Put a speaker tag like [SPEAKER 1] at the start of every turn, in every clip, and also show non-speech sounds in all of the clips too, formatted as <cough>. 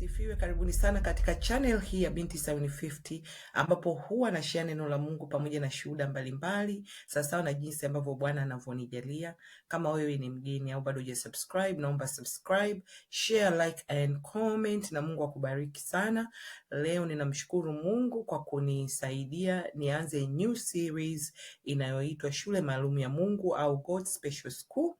[SPEAKER 1] Asifiwe. Karibuni sana katika channel hii ya Binti Sayuni 50 ambapo huwa na share neno la Mungu pamoja na shuhuda mbalimbali sawasawa na jinsi ambavyo Bwana anavyonijalia. Kama wewe ni mgeni au bado hujasubscribe, naomba subscribe, share, like and comment, na Mungu akubariki sana. Leo ninamshukuru Mungu kwa kunisaidia nianze new series inayoitwa Shule Maalum ya Mungu au God Special School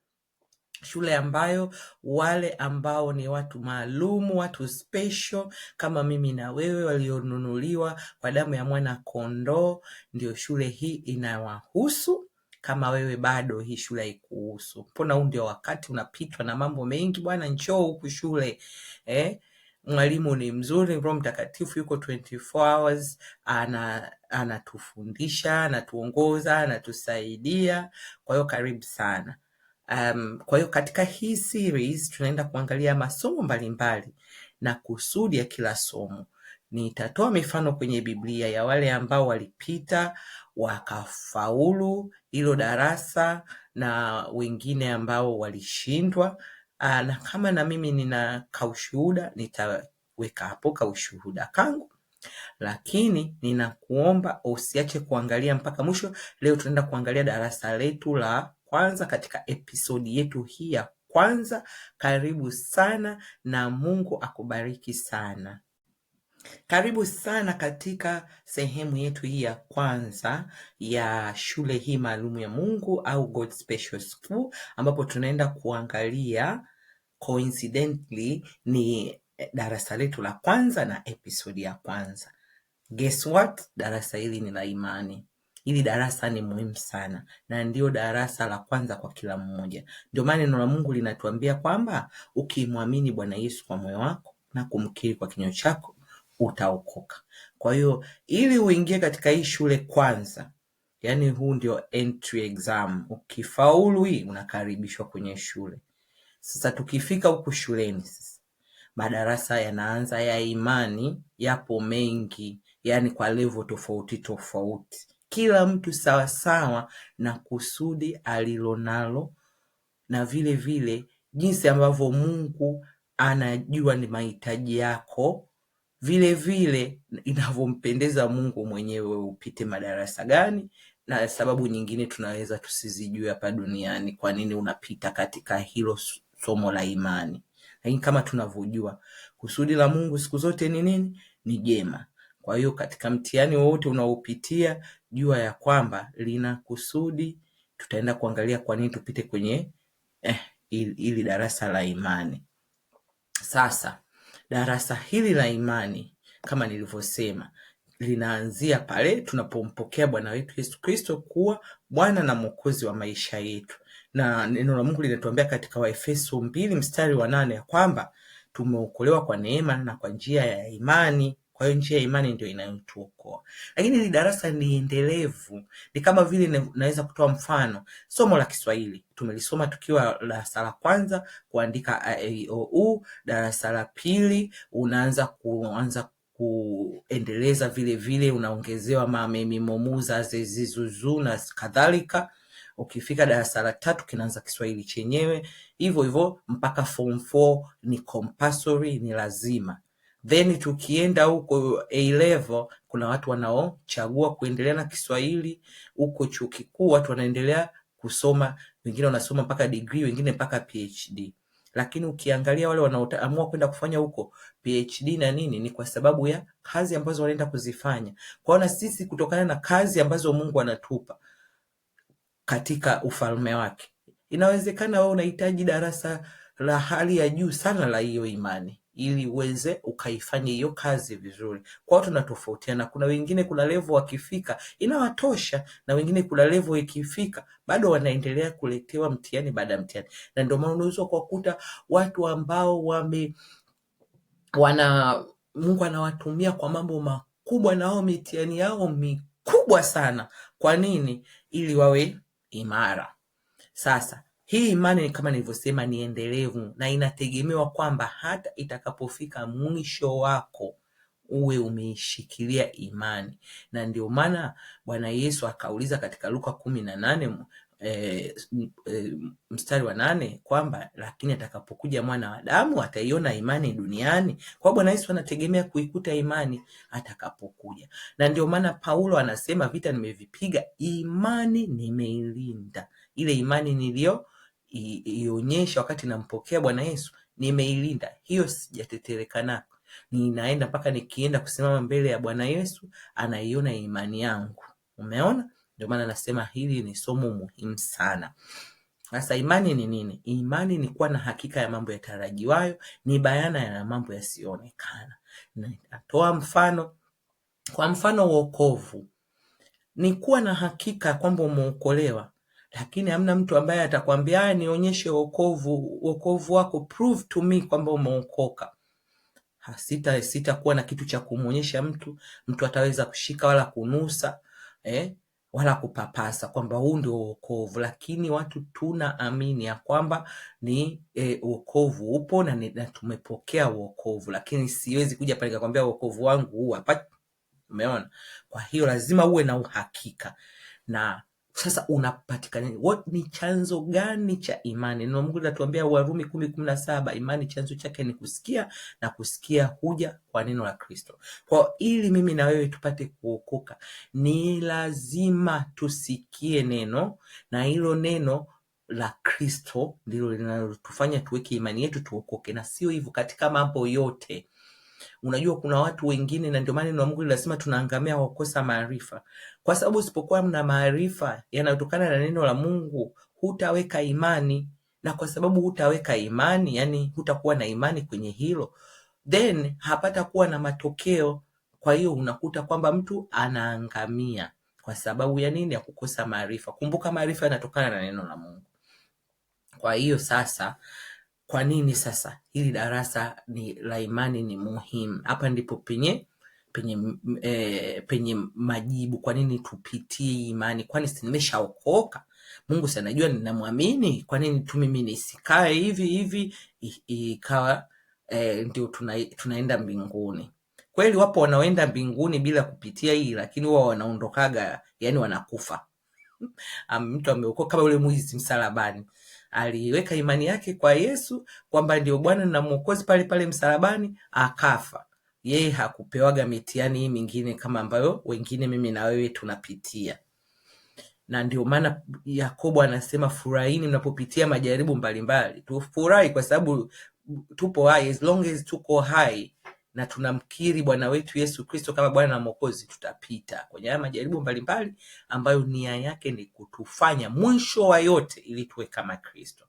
[SPEAKER 1] shule ambayo wale ambao ni watu maalum, watu special kama mimi na wewe, walionunuliwa kwa damu ya mwana kondoo, ndio shule hii inawahusu. Kama wewe bado hii shule haikuhusu, mbona huu ndio wakati unapitwa na mambo mengi bwana, njoo huku shule eh? Mwalimu ni mzuri, Roho Mtakatifu yuko 24 hours, ana anatufundisha, anatuongoza, anatusaidia. Kwa hiyo karibu sana. Um, kwa hiyo katika hii series tunaenda kuangalia masomo mbalimbali na kusudi ya kila somo. Nitatoa mifano kwenye Biblia ya wale ambao walipita wakafaulu hilo darasa na wengine ambao walishindwa. Uh, na kama na mimi nina kaushuhuda nitaweka hapo kaushuhuda kangu, lakini ninakuomba usiache kuangalia mpaka mwisho. Leo tunaenda kuangalia darasa letu la kwanza katika episodi yetu hii ya kwanza. Karibu sana na Mungu akubariki sana. Karibu sana katika sehemu yetu hii ya kwanza ya shule hii maalum ya Mungu au god Special School, ambapo tunaenda kuangalia coincidentally ni eh, darasa letu la kwanza na episodi ya kwanza. Guess what? Darasa hili ni la imani. Hili darasa ni muhimu sana na ndio darasa la kwanza kwa kila mmoja. Ndio maana neno la Mungu linatuambia kwamba ukimwamini Bwana Yesu kwa moyo wako na kumkiri kwa kinywa chako utaokoka. Kwa hiyo ili uingie katika hii shule kwanza, yaani huu ndio entry exam. Ukifaulu hii unakaribishwa kwenye shule. Sasa tukifika huku shuleni sasa, madarasa yanaanza ya imani, yapo mengi, yaani kwa level tofauti tofauti kila mtu sawasawa na kusudi alilonalo na vile vile jinsi ambavyo Mungu anajua ni mahitaji yako, vile vile inavyompendeza Mungu mwenyewe upite madarasa gani, na sababu nyingine tunaweza tusizijue hapa duniani, kwa nini unapita katika hilo somo la imani. Lakini kama tunavyojua kusudi la Mungu siku zote ni nini? Ni jema. Kwa hiyo katika mtihani wowote unaopitia jua ya kwamba lina kusudi, tutaenda kuangalia kwa nini tupite kwenye eh, ili darasa la imani. Sasa darasa hili la imani kama nilivyosema linaanzia pale tunapompokea Bwana wetu Yesu Kristo kuwa Bwana na Mwokozi wa maisha yetu, na neno la Mungu linatuambia katika Waefeso mbili mstari wa nane ya kwamba tumeokolewa kwa neema na kwa njia ya imani, kwa hiyo njia ya imani ndio inayotuokoa, lakini ili darasa ni endelevu. Ni kama vile naweza kutoa mfano somo la Kiswahili tumelisoma tukiwa darasa la kwanza kuandika a e i o u. Darasa la pili unaanza kuanza kuendeleza vile vile, unaongezewa momuza zezizuzu na kadhalika. Ukifika darasa la tatu kinaanza Kiswahili chenyewe, hivyo hivyo mpaka form 4 ni compulsory, ni lazima then tukienda huko A level kuna watu wanaochagua kuendelea na Kiswahili huko chuo kikuu, watu wanaendelea kusoma, wengine wanasoma mpaka degree, wengine mpaka PhD. Lakini ukiangalia wale wanaoamua kwenda kufanya huko PhD na nini, ni kwa sababu ya kazi ambazo wanaenda kuzifanya. Kwa na sisi kutokana na kazi ambazo Mungu anatupa katika ufalme wake, inawezekana wewe unahitaji darasa la hali ya juu sana la hiyo imani ili uweze ukaifanya hiyo kazi vizuri. Kwa hiyo tunatofautiana, kuna wengine kuna level wakifika inawatosha, na wengine kuna level ikifika bado wanaendelea kuletewa mtihani baada ya mtihani, na ndio maana unaweza kuwakuta watu ambao wame wana Mungu anawatumia kwa mambo makubwa, wao mitihani yao mikubwa sana. Kwa nini? Ili wawe imara. Sasa hii imani kama nilivyosema ni endelevu na inategemewa kwamba hata itakapofika mwisho wako uwe umeishikilia imani, na ndio maana Bwana Yesu akauliza katika Luka kumi na nane E, e, mstari wa nane kwamba lakini atakapokuja mwana wa damu ataiona imani duniani. Kwa Bwana Yesu anategemea kuikuta imani atakapokuja, na ndio maana Paulo anasema vita nimevipiga, imani nimeilinda, ile imani niliyo ionyesha wakati nampokea Bwana Yesu, nimeilinda hiyo, sijatetereka nayo, ninaenda mpaka nikienda kusimama mbele ya Bwana Yesu anaiona imani yangu. Umeona, ndio maana nasema hili ni somo muhimu sana. Sasa imani ni nini? Imani ni kuwa na hakika ya mambo yatarajiwayo, ni bayana ya mambo yasiyoonekana. Natoa mfano, kwa mfano, wokovu ni kuwa na hakika kwamba umeokolewa lakini hamna mtu ambaye atakwambia nionyeshe wokovu wokovu wako, prove to me kwamba umeokoka. Sita sitakuwa na kitu cha kumwonyesha mtu, mtu ataweza kushika wala kunusa eh, wala kupapasa kwamba huu ndio wokovu, lakini watu tunaamini ya kwamba ni eh, wokovu eh, upo na, na tumepokea wokovu, lakini siwezi kuja pale nikakwambia wokovu wangu huu hapa. Umeona? Kwa hiyo lazima uwe na uhakika na sasa unapatikana what ni chanzo gani cha imani? Neno Mungu linatuambia Warumi kumi kumi na saba imani chanzo chake ni kusikia na kusikia huja kwa neno la Kristo. Kwa ili mimi na wewe tupate kuokoka, ni lazima tusikie neno, na hilo neno la Kristo ndilo linalotufanya tuweke imani yetu tuokoke, na sio hivyo katika mambo yote Unajua kuna watu wengine, na ndio maana neno Mungu lazima tunaangamia wakosa maarifa, kwa sababu usipokuwa na maarifa yanayotokana na neno la Mungu hutaweka imani, na kwa sababu hutaweka imani, yani hutakuwa na imani kwenye hilo, then hapata kuwa na matokeo. Kwa hiyo unakuta kwamba mtu anaangamia kwa sababu ya nini? Ya kukosa maarifa. Kumbuka, maarifa yanatokana na neno la Mungu. Kwa hiyo sasa kwa nini sasa hili darasa ni la imani ni muhimu? Hapa ndipo penye penye e, penye majibu. Kwa nini tupitie imani? Kwani si nimeshaokoka? Mungu sanajua anajua ninamwamini? Kwa nini tu mimi nisikae hivi hivi ikawa e, ndio tuna, tunaenda mbinguni? Kweli wapo wanaoenda mbinguni bila kupitia hii, lakini huwa wanaondokaga, yani wanakufa. <laughs> Mtu ameokoka kama yule mwizi msalabani aliiweka imani yake kwa Yesu kwamba ndio Bwana na Mwokozi pale pale msalabani akafa. Yeye hakupewaga mitihani hii mingine kama ambayo wengine mimi na wewe tunapitia, na ndio maana Yakobo anasema furahini mnapopitia majaribu mbalimbali. Tufurahi kwa sababu tupo hai, as long as tuko hai na tunamkiri Bwana wetu Yesu Kristo kama Bwana na Mwokozi, tutapita kwenye haya majaribu mbalimbali ambayo nia yake ni kutufanya mwisho wa yote ili tuwe kama Kristo.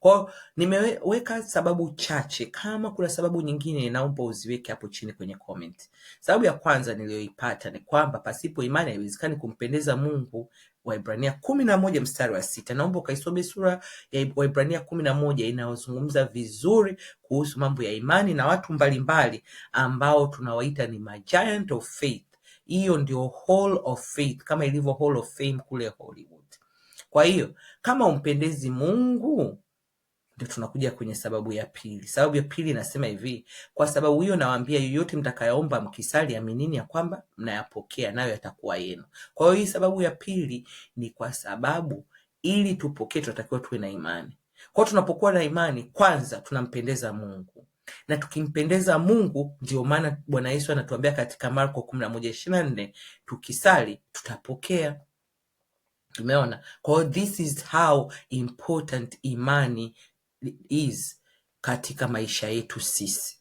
[SPEAKER 1] Kwa nimeweka sababu chache, kama kuna sababu nyingine naomba uziweke hapo chini kwenye comment. Sababu ya kwanza niliyoipata ni kwamba pasipo imani haiwezekani kumpendeza Mungu, Waibrania kumi na moja mstari wa sita. Naomba ukaisome sura ya Waibrania kumi na moja inayozungumza vizuri kuhusu mambo ya imani na watu mbalimbali ambao tunawaita ni ma-giant of faith. Hiyo ndio hall of faith kama ilivyo hall of fame kule Hollywood. Kwa hiyo kama umpendezi Mungu ndio tunakuja kwenye sababu ya pili. Sababu ya pili inasema hivi: kwa sababu hiyo nawaambia, yoyote mtakayoomba mkisali, aminini ya kwamba mnayapokea, nayo yatakuwa yenu. Kwa hiyo hii sababu ya pili ni kwa sababu ili tupokee, tunatakiwa tuwe na imani. Kwa tunapokuwa na imani, kwanza tunampendeza Mungu na tukimpendeza Mungu, ndio maana Bwana Yesu anatuambia katika Marko kumi na moja ishirini na nne tukisali tutapokea. Tumeona. Kwa hiyo this is how important imani is katika maisha yetu sisi.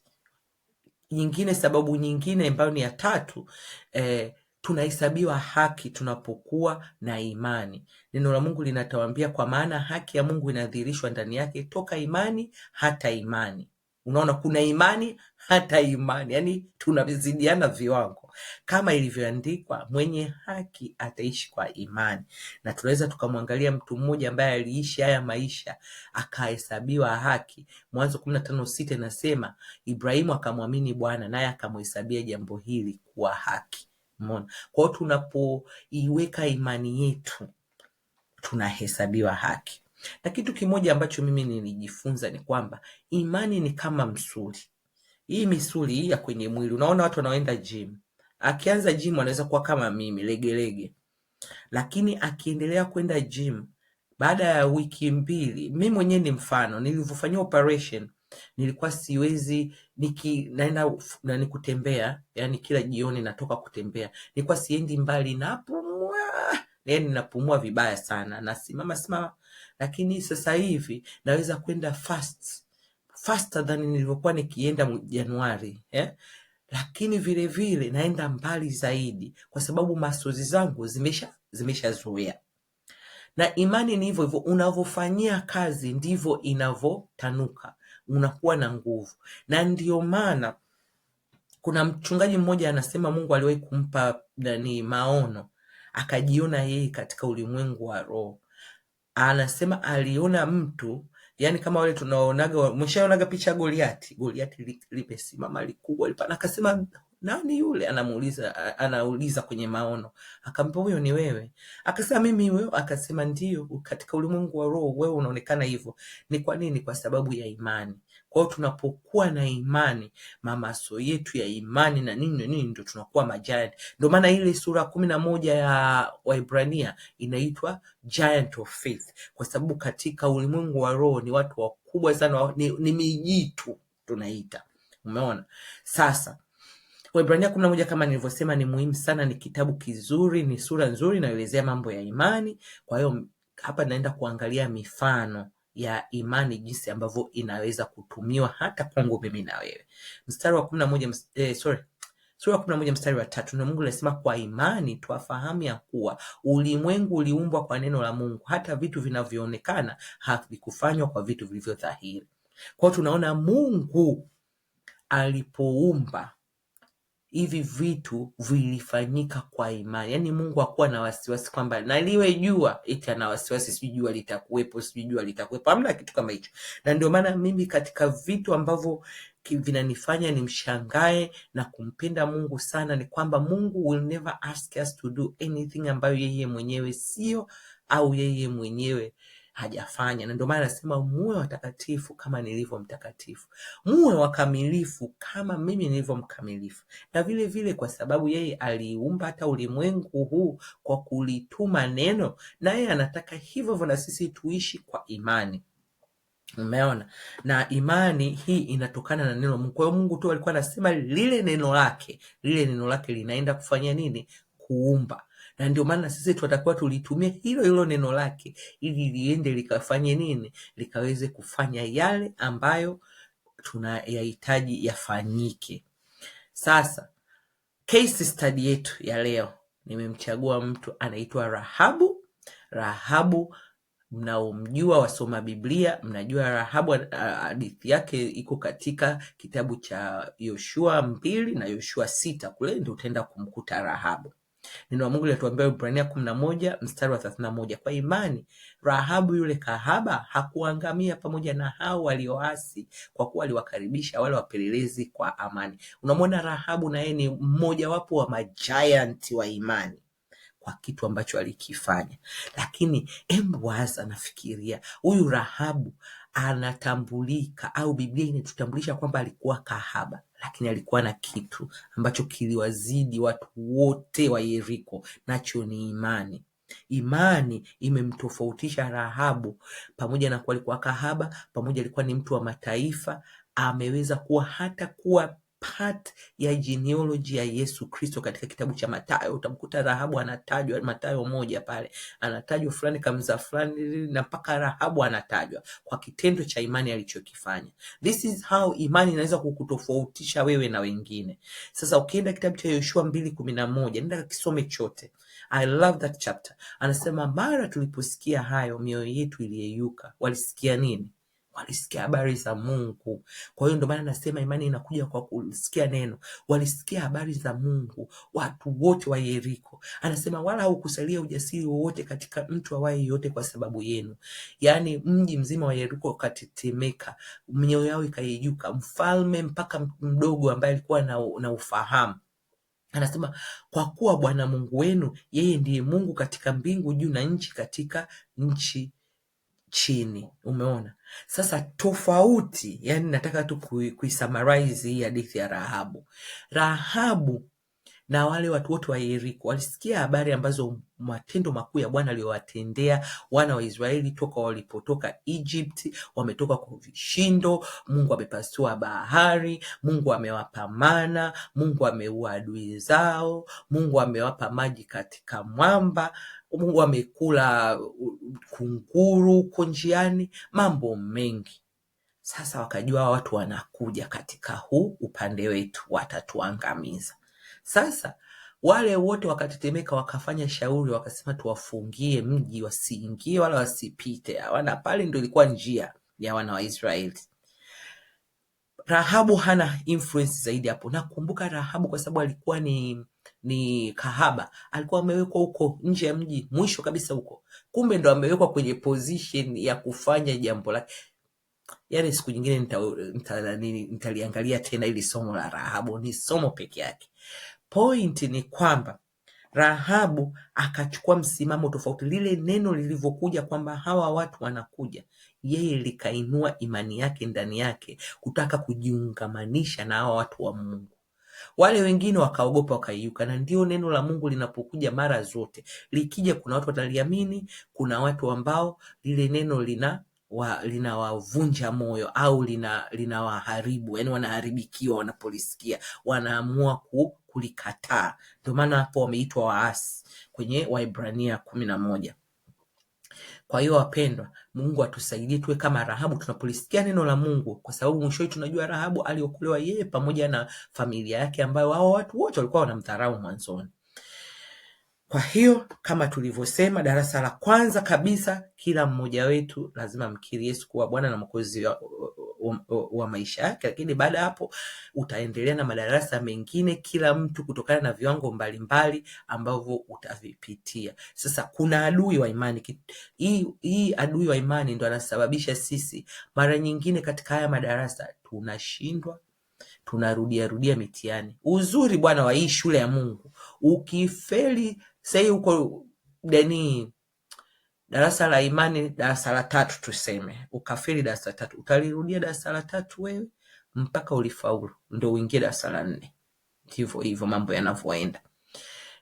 [SPEAKER 1] Nyingine, sababu nyingine ambayo ni ya tatu eh, tunahesabiwa haki tunapokuwa na imani. Neno la Mungu linatawambia kwa maana haki ya Mungu inadhihirishwa ndani yake toka imani hata imani. Unaona, kuna imani hata imani, yani tunazidiana viwango kama ilivyoandikwa mwenye haki ataishi kwa imani. Na tunaweza tukamwangalia mtu mmoja ambaye aliishi haya maisha akahesabiwa haki. Mwanzo kumi na tano sita inasema Ibrahimu akamwamini Bwana naye akamhesabia jambo hili kuwa haki. Umeona? Kwa hiyo tunapoiweka imani yetu tunahesabiwa haki. Na kitu kimoja ambacho mimi nilijifunza ni kwamba imani ni kama msuli. Hii misuli hii ya kwenye mwili, unaona watu wanaoenda gym Akianza gym anaweza kuwa kama mimi legelege, lakini akiendelea kwenda gym baada ya wiki mbili, mi mwenyewe ni mfano, nilivyofanyia operation nilikuwa siwezi niki naenda na nikutembea, yani kila jioni natoka kutembea, nilikuwa siendi mbali, napumua yani napumua vibaya sana, nasimama simama, lakini sasa hivi naweza kwenda fast faster than nilivyokuwa nikienda Januari eh? lakini vile vile naenda mbali zaidi, kwa sababu masozi zangu zimesha zimeshazoea na imani ni hivyo hivyo, unavyofanyia kazi ndivyo inavyotanuka, unakuwa na nguvu. Na ndiyo maana kuna mchungaji mmoja anasema Mungu aliwahi kumpa nani maono, akajiona yeye katika ulimwengu wa roho. Anasema aliona mtu Yaani kama wale tunaonaga mshaonaga picha Goliati, Goliati limesimama likubwa lipana, akasema nani yule? Anamuuliza, anauliza kwenye maono, akampa huyo ni wewe. Akasema mimi wewe? Akasema ndiyo, katika ulimwengu wa roho wewe unaonekana hivyo. Ni kwa nini? Kwa sababu ya imani. Kwa hiyo tunapokuwa na imani, mamaso yetu ya imani na nini nini, ndio tunakuwa majaliant. Ndio maana ile sura kumi na moja ya Waibrania inaitwa Giant of Faith, kwa sababu katika ulimwengu wa roho ni watu wakubwa sana, ni, ni mijitu tunaita. Umeona sasa waibrania kumi na moja kama nilivyosema ni muhimu sana, ni kitabu kizuri, ni sura nzuri inayoelezea mambo ya imani. Kwa hiyo hapa naenda kuangalia mifano ya imani jinsi ambavyo inaweza kutumiwa hata kwangu mimi na wewe. Mstari wa kumi na moja eh, sorry sura ya kumi na moja mstari wa tatu na Mungu anasema kwa imani twafahamu ya kuwa ulimwengu uliumbwa kwa neno la Mungu, hata vitu vinavyoonekana havikufanywa kwa vitu vilivyo dhahiri. Kwao tunaona Mungu alipoumba hivi vitu vilifanyika kwa imani. Yaani Mungu hakuwa na wasiwasi kwamba naliwe jua eti ana wasiwasi, sijui jua litakuwepo, sijui jua litakuwepo. Hamna kitu kama hicho, na ndio maana mimi katika vitu ambavyo vinanifanya nimshangae na kumpenda Mungu sana ni kwamba Mungu will never ask us to do anything ambayo yeye mwenyewe sio au yeye mwenyewe hajafanya, na ndio maana anasema muwe watakatifu kama nilivyo mtakatifu, muwe wakamilifu kama mimi nilivyo mkamilifu. Na vile vile, kwa sababu yeye aliumba hata ulimwengu huu kwa kulituma neno, na yeye anataka hivyo hivyo na sisi tuishi kwa imani. Umeona, na imani hii inatokana na neno Mungu. Kwa hiyo Mungu tu alikuwa anasema lile neno lake, lile neno lake linaenda kufanya nini? Kuumba na ndio maana sisi tutakuwa tulitumia hilo hilo neno lake ili liende likafanye nini, likaweze kufanya yale ambayo tunayahitaji yafanyike. Sasa case study yetu ya leo, nimemchagua mtu anaitwa Rahabu. Rahabu mnaomjua wasoma Biblia mnajua Rahabu, uh, hadithi yake iko katika kitabu cha Yoshua mbili na Yoshua sita, kule ndio utaenda kumkuta Rahabu. Neno la Mungu linatuambia Ibrania kumi na moja mstari wa thelathini na moja kwa imani Rahabu yule kahaba hakuangamia pamoja na hao walioasi, kwa kuwa aliwakaribisha wale wapelelezi kwa amani. Unamwona Rahabu na yeye ni mmojawapo wa majianti wa imani kwa kitu ambacho alikifanya. Lakini hebu waza, nafikiria huyu Rahabu anatambulika au Biblia inatutambulisha kwamba alikuwa kahaba, lakini alikuwa na kitu ambacho kiliwazidi watu wote wa Yeriko, nacho ni imani. Imani imemtofautisha Rahabu, pamoja na kuwa alikuwa kahaba, pamoja alikuwa ni mtu wa mataifa, ameweza kuwa hata kuwa part ya genealogy ya Yesu Kristo katika kitabu cha Mathayo. Utamkuta Rahabu anatajwa Mathayo moja pale, anatajwa fulani kamza fulani, na mpaka Rahabu anatajwa kwa kitendo cha imani alichokifanya. This is how imani inaweza kukutofautisha wewe na wengine. Sasa ukienda kitabu cha Yoshua mbili kumi na moja nenda kakisome chote. I love that chapter. Anasema mara tuliposikia hayo mioyo yetu iliyeyuka. Walisikia nini? walisikia habari za Mungu. Kwa hiyo ndio maana nasema imani inakuja kwa kusikia neno. Walisikia habari za Mungu watu wote wa Yeriko. Anasema wala haukusalia ujasiri wowote katika mtu awaye yote kwa sababu yenu. Yaani mji mzima wa Yeriko ukatetemeka, mioyo yao ikaijuka, mfalme mpaka mdogo ambaye alikuwa na, na ufahamu Anasema kwa kuwa Bwana Mungu wenu yeye ndiye Mungu katika mbingu juu na nchi katika nchi chini. Umeona sasa tofauti, yani nataka tu kuisamarize hii hadithi ya Rahabu. Rahabu na wale watu wote wa Yeriko walisikia habari ambazo matendo makuu ya Bwana aliyowatendea wana wa Israeli toka walipotoka Egypt, wametoka kwa vishindo, Mungu amepasua bahari, Mungu amewapa mana, Mungu ameua adui zao, Mungu amewapa maji katika mwamba Mungu amekula kunguru huko njiani, mambo mengi. Sasa wakajua watu wanakuja katika huu upande wetu, watatuangamiza. Sasa wale wote wakatetemeka, wakafanya shauri, wakasema tuwafungie mji, wasiingie wala wasipite. Hawana pale, ndo ilikuwa njia ya wana wa Israeli. Rahabu hana influence zaidi hapo. Nakumbuka Rahabu kwa sababu alikuwa ni ni kahaba, alikuwa amewekwa huko nje ya mji, mwisho kabisa huko, kumbe ndo amewekwa kwenye position ya kufanya jambo lake. Yani siku nyingine nitaliangalia tena ili somo la Rahabu, ni somo peke yake. Point ni kwamba Rahabu akachukua msimamo tofauti, lile neno lilivyokuja kwamba hawa watu wanakuja, yeye likainua imani yake ndani yake, kutaka kujiungamanisha na hawa watu wa Mungu. Wale wengine wakaogopa wakaiuka. Na ndio neno la Mungu linapokuja mara zote, likija, kuna watu wataliamini, kuna watu ambao lile neno lina wa, linawavunja moyo au lina linawaharibu, yani wanaharibikiwa wanapolisikia, wanaamua ku, kulikataa. Ndio maana hapo wameitwa waasi kwenye Waibrania kumi na moja. Kwa hiyo wapendwa, Mungu atusaidie tuwe kama Rahabu tunapolisikia neno la Mungu, kwa sababu mwishowe tunajua Rahabu aliokolewa yeye pamoja na familia yake, ambayo hao watu wote walikuwa wanamdharau mwanzoni. Kwa hiyo kama tulivyosema, darasa la kwanza kabisa, kila mmoja wetu lazima mkiri Yesu kuwa Bwana na Mwokozi wa, maisha yake, lakini baada hapo utaendelea na madarasa mengine, kila mtu kutokana na viwango mbalimbali ambavyo utavipitia. Sasa kuna adui wa imani. Hii hii adui wa imani ndo anasababisha sisi mara nyingine katika haya madarasa tunashindwa tunarudia rudia mitihani. Uzuri bwana wa hii shule ya Mungu, ukifeli sahii uko deni darasa la imani darasa la tatu tuseme, ukafiri darasa la tatu, utalirudia darasa la tatu wewe mpaka ulifaulu, ndio uingie darasa la nne. Hivyo hivyo mambo yanavyoenda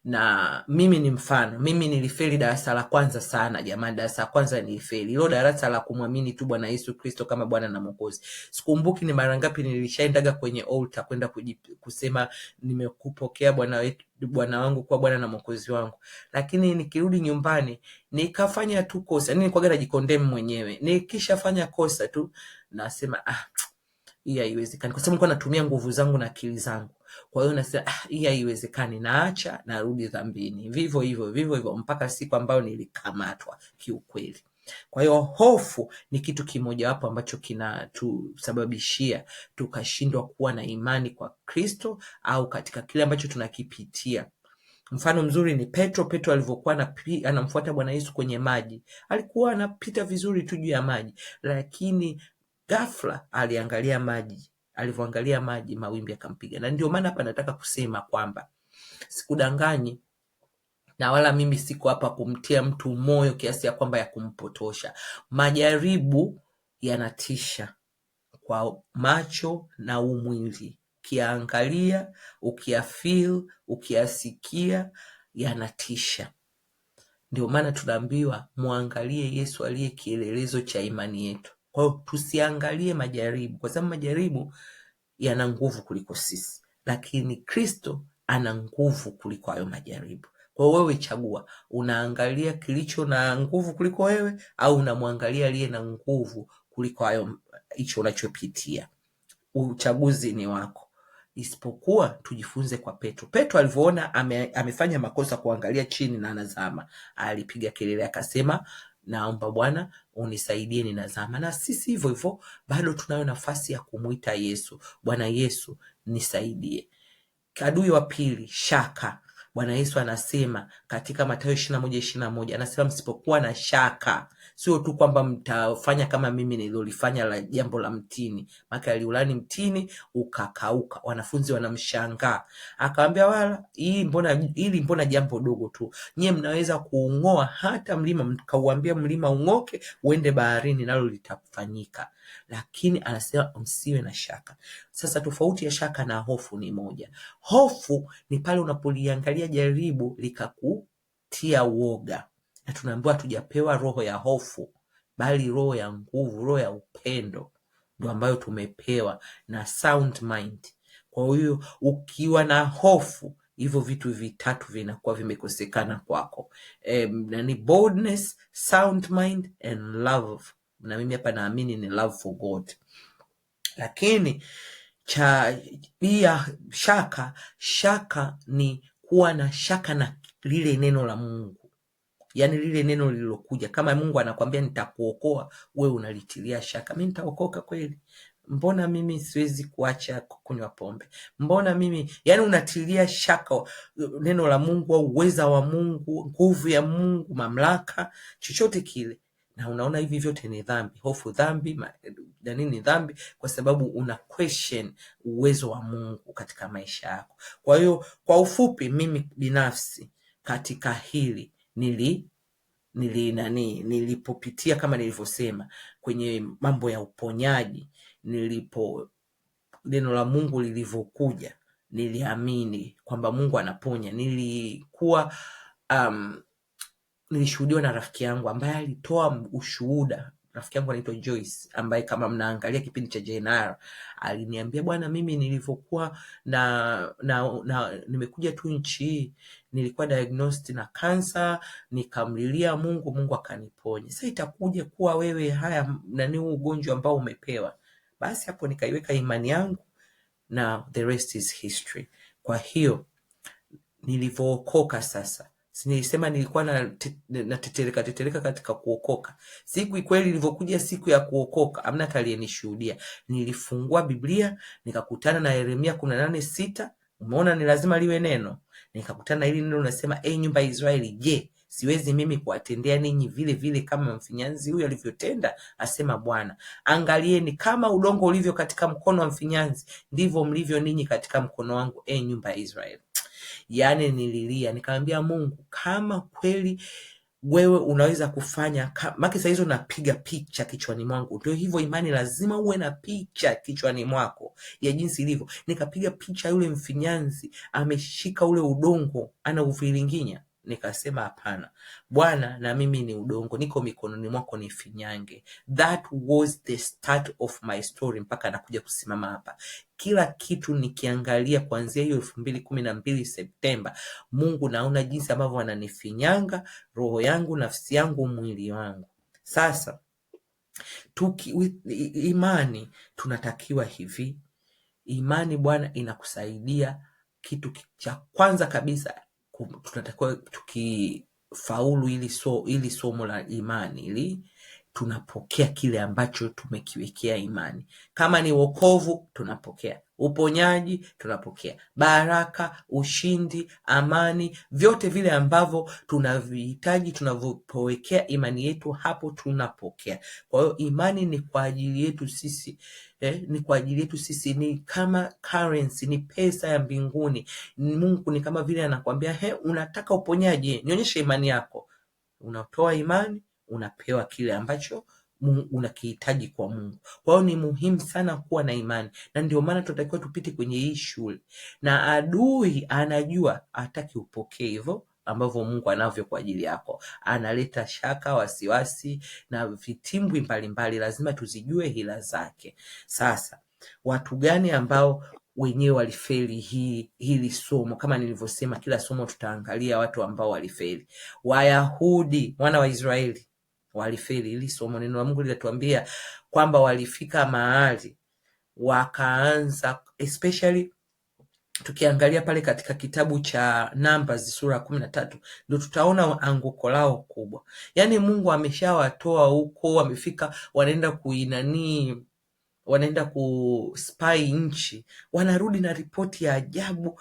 [SPEAKER 1] na mimi ni mfano. Mimi nilifeli darasa la kwanza sana jamani, darasa la kwanza nilifeli, ilo darasa la kumwamini tu Bwana Yesu Kristo kama Bwana na Mwokozi. Sikumbuki ni mara ngapi nilishaendaga kwenye altar kwenda kusema nimekupokea Bwana wetu Bwana wangu kuwa Bwana na Mwokozi wangu, lakini nikirudi nyumbani nikafanya tu kosa, yani najikondem mwenyewe. Nikishafanya kosa tu nasema ah, hii haiwezekani, kwa sababu nilikuwa natumia nguvu zangu na akili zangu kwa hiyo nasema ah, hii haiwezekani, naacha narudi dhambini, vivyo hivyo vivyo hivyo mpaka siku ambayo nilikamatwa kiukweli. Kwa hiyo hofu ni kitu kimojawapo ambacho kinatusababishia tukashindwa kuwa na imani kwa Kristo au katika kile ambacho tunakipitia. Mfano mzuri ni Petro. Petro alivyokuwa anamfuata Bwana Yesu kwenye maji, alikuwa anapita vizuri tu juu ya maji, lakini ghafla aliangalia maji alivyoangalia maji mawimbi akampiga. Na ndio maana hapa nataka kusema kwamba sikudanganyi na wala mimi siko hapa kumtia mtu moyo kiasi ya kwamba ya kumpotosha. Majaribu yanatisha kwa macho na umwili, ukiyaangalia, ukiafil ukiasikia yanatisha. Ndio maana tunaambiwa muangalie Yesu aliye kielelezo cha imani yetu. Kwa hiyo tusiangalie majaribu, kwa sababu majaribu yana nguvu kuliko sisi, lakini Kristo ana nguvu kuliko hayo majaribu. Kwa wewe chagua, unaangalia kilicho na nguvu kuliko wewe au unamwangalia aliye na nguvu kuliko hayo hicho unachopitia. Uchaguzi ni wako, isipokuwa tujifunze kwa Petro. Petro alivyoona ame, amefanya makosa kuangalia chini na anazama, alipiga kelele akasema naomba Bwana unisaidie, ninazama. Na sisi hivyo hivyo bado tunayo nafasi ya kumwita Yesu, Bwana Yesu nisaidie. Adui wa pili, shaka. Bwana Yesu anasema katika matayo ishiri na moja ishiri na moja anasema msipokuwa na shaka sio tu kwamba mtafanya kama mimi nilolifanya la jambo la mtini, maka aliulani mtini ukakauka. Wanafunzi wanamshangaa, akawambia wala hii mbona, hili mbona jambo dogo tu, nyie mnaweza kuung'oa hata mlima, mkauambia mlima ung'oke uende baharini, nalo litafanyika. Lakini anasema msiwe na shaka. Sasa tofauti ya shaka na hofu ni moja. Hofu ni pale unapoliangalia jaribu likakutia uoga na tunaambiwa hatujapewa roho ya hofu, bali roho ya nguvu, roho ya upendo ndo ambayo tumepewa na sound mind. Kwa hiyo ukiwa na hofu, hivyo vitu vitatu vinakuwa vimekosekana kwako, na ni boldness, sound mind and love. Na mimi hapa naamini ni love for God, lakini cha pia shaka, shaka ni kuwa na shaka na lile neno la Mungu yani lile neno lililokuja, kama Mungu anakwambia nitakuokoa, we unalitilia shaka, mi nitaokoka kweli? Mbona mimi siwezi kuacha kunywa pombe? Mbona mimi yani unatilia shaka neno la Mungu au uweza wa Mungu, nguvu ya Mungu, mamlaka, chochote kile, na unaona hivi vyote ni dhambi. Hofu dhambi na nini dhambi, kwa sababu una question uwezo wa Mungu katika maisha yako. Kwa hiyo, kwa ufupi, mimi binafsi katika hili nili nili nani nilipopitia kama nilivyosema kwenye mambo ya uponyaji, nilipo neno la Mungu lilivyokuja, niliamini kwamba Mungu anaponya. Nilikuwa um, nilishuhudiwa na rafiki yangu ambaye alitoa ushuhuda. Rafiki yangu anaitwa Joyce, ambaye kama mnaangalia kipindi cha JNR aliniambia, bwana, mimi nilivyokuwa na, na, na nimekuja tu nchi hii nilikuwa diagnosed na kansa, nikamlilia Mungu, Mungu akaniponya. Sasa itakuje kuwa wewe haya nani huu ugonjwa ambao umepewa? Basi hapo nikaiweka imani yangu na the rest is history. Kwa hiyo nilivyookoka sasa Si nilisema nilikuwa natetereka tetereka katika kuokoka. Siku kweli ilivyokuja siku ya kuokoka, amna hata aliyenishuhudia. Nilifungua Biblia nikakutana na Yeremia kumi na nane sita. Umeona, ni lazima liwe neno nikakutana hili neno unasema, e nyumba ya Israeli, je, siwezi mimi kuwatendea ninyi vile vile kama mfinyanzi huyo alivyotenda? Asema Bwana. Angalieni, kama udongo ulivyo katika mkono wa mfinyanzi, ndivyo mlivyo ninyi katika mkono wangu, e nyumba ya Israeli. Yani nililia nikamwambia Mungu, kama kweli wewe unaweza kufanya maki. Saa hizo unapiga picha kichwani mwangu, ndio hivyo imani, lazima uwe na picha kichwani mwako ya jinsi ilivyo. Nikapiga picha yule mfinyanzi ameshika ule udongo, ana uviringinya Nikasema hapana Bwana, na mimi ni udongo, niko mikononi mwako, finyange That was the start of my story, mpaka nakuja kusimama hapa. Kila kitu nikiangalia kuanzia hiyo elfu mbili kumi na mbili Septemba, Mungu naona jinsi ambavyo ananifinyanga roho yangu, nafsi yangu, mwili wangu. Sasa tuki imani, tunatakiwa hivi. Imani bwana inakusaidia kitu cha kwanza kabisa tunatakiwa tukifaulu ili so, ili somo la imani ili tunapokea kile ambacho tumekiwekea imani. Kama ni wokovu, tunapokea uponyaji, tunapokea baraka, ushindi, amani, vyote vile ambavyo tunavihitaji, tunavyopowekea imani yetu, hapo tunapokea. Kwa hiyo imani ni kwa ajili yetu sisi eh, ni kwa ajili yetu sisi, ni kama currency, ni pesa ya mbinguni. Mungu ni kama vile anakuambia, he, unataka uponyaji, nionyeshe imani yako. Unatoa imani unapewa kile ambacho unakihitaji kwa Mungu. Kwa hiyo ni muhimu sana kuwa na imani, na ndio maana tunatakiwa tupite kwenye hii shule, na adui anajua hataki upokee hivyo ambavyo Mungu anavyo kwa ajili yako. Analeta shaka, wasiwasi na vitimbwi mbalimbali, lazima tuzijue hila zake. Sasa watu gani ambao wenyewe walifeli hii hili somo? Kama nilivyosema, kila somo tutaangalia watu ambao walifeli. Wayahudi, wana wa Israeli walifeli. ili somo neno la Mungu linatuambia kwamba walifika mahali wakaanza, especially tukiangalia pale katika kitabu cha Numbers sura ya kumi na tatu ndio tutaona anguko lao kubwa. Yaani Mungu ameshawatoa huko, wamefika, wanaenda kuinanii wanaenda kuspai nchi, wanarudi na ripoti ya ajabu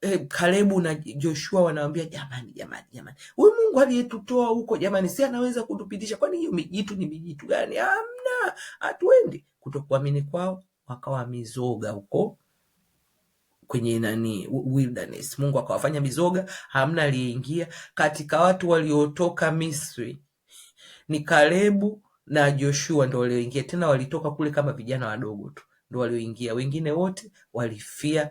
[SPEAKER 1] eh, Kalebu na Joshua wanawambia jamani, jamani, jamani, huyu Mungu aliyetutoa huko jamani, si anaweza kutupitisha? Kwani hiyo mijitu ni mijitu gani? Hamna, hatuendi. Kutokuamini kwao wakawa mizoga huko kwenye nani wilderness. Mungu akawafanya mizoga, hamna aliyeingia. Katika watu waliotoka Misri ni Kalebu na Joshua ndo walioingia, tena walitoka kule kama vijana wadogo tu ndo walioingia, wengine wote walifia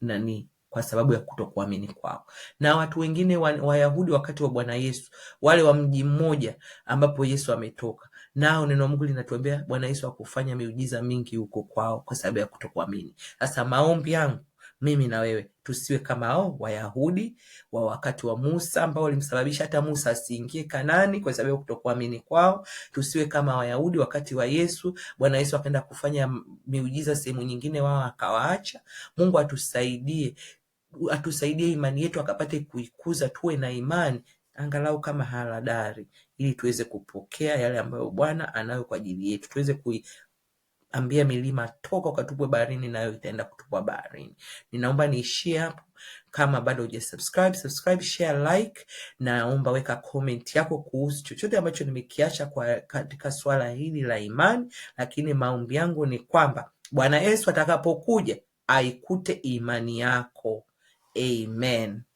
[SPEAKER 1] nani kwa sababu ya kutokuamini kwao. Na watu wengine Wayahudi wakati wa Bwana Yesu, wale wa mji mmoja ambapo Yesu ametoka, nao neno la Mungu linatuambia Bwana Yesu akufanya miujiza mingi huko kwao kwa sababu ya kutokuamini. Sasa maombi yangu mimi na wewe tusiwe kama hao Wayahudi wa wakati wa Musa ambao walimsababisha hata Musa asiingie kanani kwa sababu ya kutokuamini kwao. Tusiwe kama Wayahudi wakati wa Yesu. Bwana Yesu akaenda kufanya miujiza sehemu nyingine, wao akawaacha. Mungu atusaidie atusaidie imani yetu akapate kuikuza, tuwe na imani angalau kama haradali, ili tuweze kupokea yale ambayo Bwana anayo kwa ajili yetu, tuweze kuiambia milima toka ukatupwe baharini, nayo itaenda kutupwa baharini. Ninaomba niishie hapo. Kama bado hujasubscribe, subscribe, share, like, naomba weka comment yako kuhusu chochote ambacho nimekiacha kwa katika swala hili la imani, lakini maombi yangu ni kwamba Bwana Yesu atakapokuja aikute imani yako Amen